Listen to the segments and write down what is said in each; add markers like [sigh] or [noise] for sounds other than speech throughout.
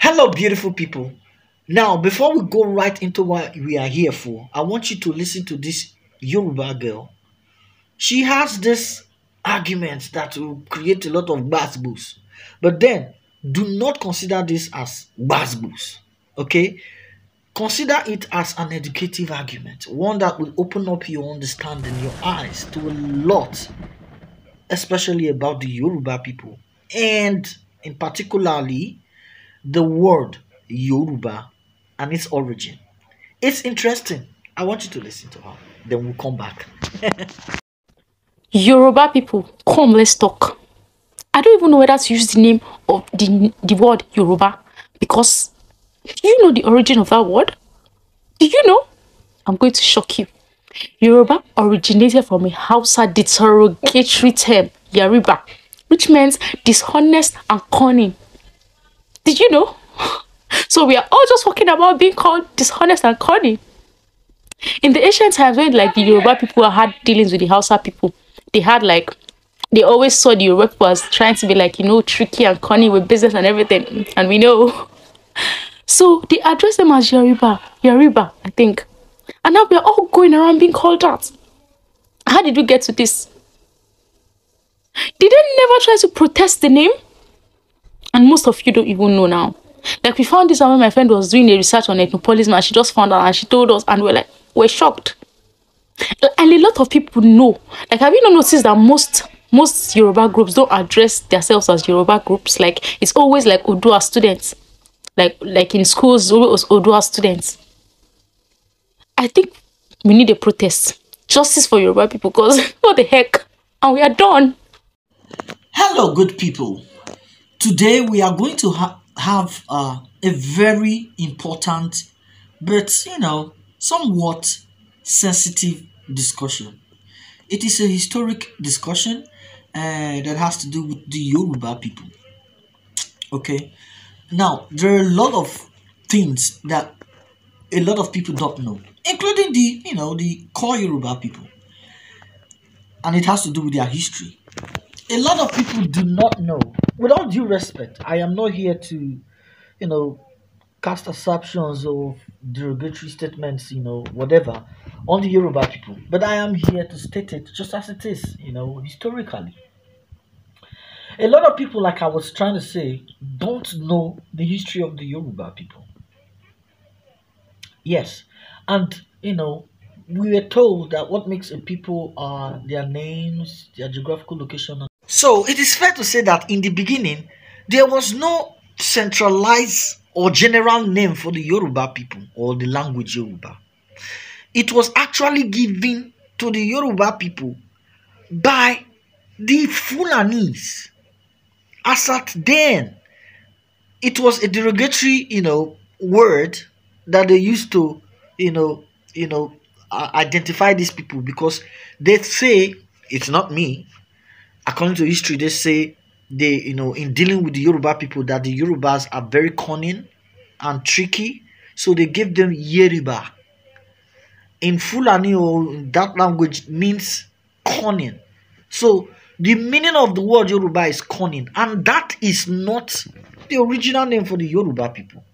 Hello, beautiful people. Now, before we go right into what we are here for, I want you to listen to this Yoruba girl. She has this argument that will create a lot of basbos. But then, do not consider this as basbos, okay? Consider it as an educative argument, one that will open up your understanding, your eyes to a lot, especially about the Yoruba people, and in particularly the word Yoruba and its origin. It's interesting. I want you to listen to her. Then we'll come back. Yoruba people, come, let's talk. I don't even know whether to use the name of the, the word Yoruba because do you know the origin of that word? Do you know? I'm going to shock you. Yoruba originated from a Hausa derogatory term, Yariba, which means dishonest and cunning. Did you know? [gasps] so we are all just talking about being called dishonest and corny. In the ancient times when like the Yoruba people had dealings with the Hausa people, they had like they always saw the Yoruba people as trying to be like, you know, tricky and corny with business and everything. And we know. [laughs] So they address them as Yoruba, Yoruba, I think. And now we're all going around being called that. How did we get to this? Did they never try to protest the name? And most of you don't even know now. Like we found this out when my friend was doing a research on ethnopolism and she just found out and she told us and we're like, we're shocked. And a lot of people know. Like have you not noticed that most most Yoruba groups don't address themselves as Yoruba groups? Like it's always like Odua students. Like like in schools, always Odua students. I think we need a protest. Justice for Yoruba people because [laughs] what the heck? And we are done. Hello, good people. Today we are going to ha- have uh, a very important, but you know, somewhat sensitive discussion. It is a historic discussion uh, that has to do with the Yoruba people. Okay, now there are a lot of things that a lot of people don't know, including the you know the core Yoruba people, and it has to do with their history a lot of people do not know. With all due respect, I am not here to, you know, cast assumptions or derogatory statements, you know, whatever, on the Yoruba people. But I am here to state it just as it is, you know, historically. A lot of people, like I was trying to say, don't know the history of the Yoruba people. Yes. And, you know, we were told that what makes a people are their names, their geographical location, so it is fair to say that in the beginning, there was no centralized or general name for the Yoruba people or the language Yoruba. It was actually given to the Yoruba people by the Fulanese. As at then, it was a derogatory, you know, word that they used to, you know, you know, uh, identify these people because they say it's not me, according to history, they say they, you know, in dealing with the Yoruba people, that the Yorubas are very cunning and tricky. So they gave them Yoruba. In Fulani, oh, that language means cunning. So the meaning of the word Yoruba is cunning, and that is not the original name for the Yoruba people.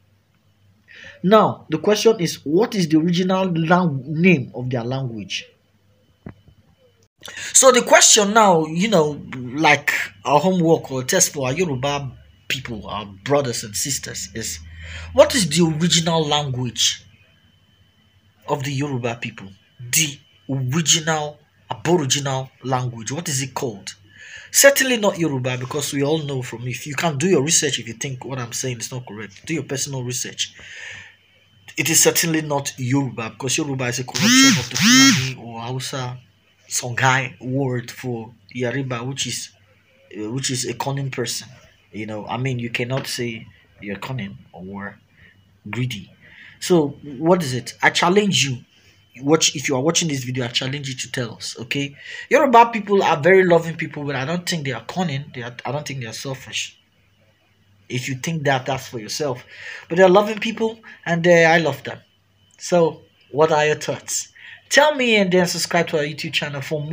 Now, the question is what is the original name of their language? So the question now, you know, like our homework or test for our Yoruba people, our brothers and sisters, is what is the original language of the Yoruba people? The original aboriginal language. What is it called? Certainly not Yoruba because we all know from if you can do your research if you think what I'm saying is not correct. Do your personal research. It is certainly not Yoruba because Yoruba is a corruption of the Fulani or Hausa Songhai word for Yariba, which is uh, which is a cunning person. You know, I mean, you cannot say you're cunning or greedy. So what is it? I challenge you. Watch if you are watching this video, I challenge you to tell us. Okay, Yoruba people are very loving people, but I don't think they are cunning. They are, I don't think they are selfish. If you think that, that's for yourself. But they're loving people, and they, uh, I love them. So, what are your thoughts? Tell me and then subscribe to our YouTube channel for more.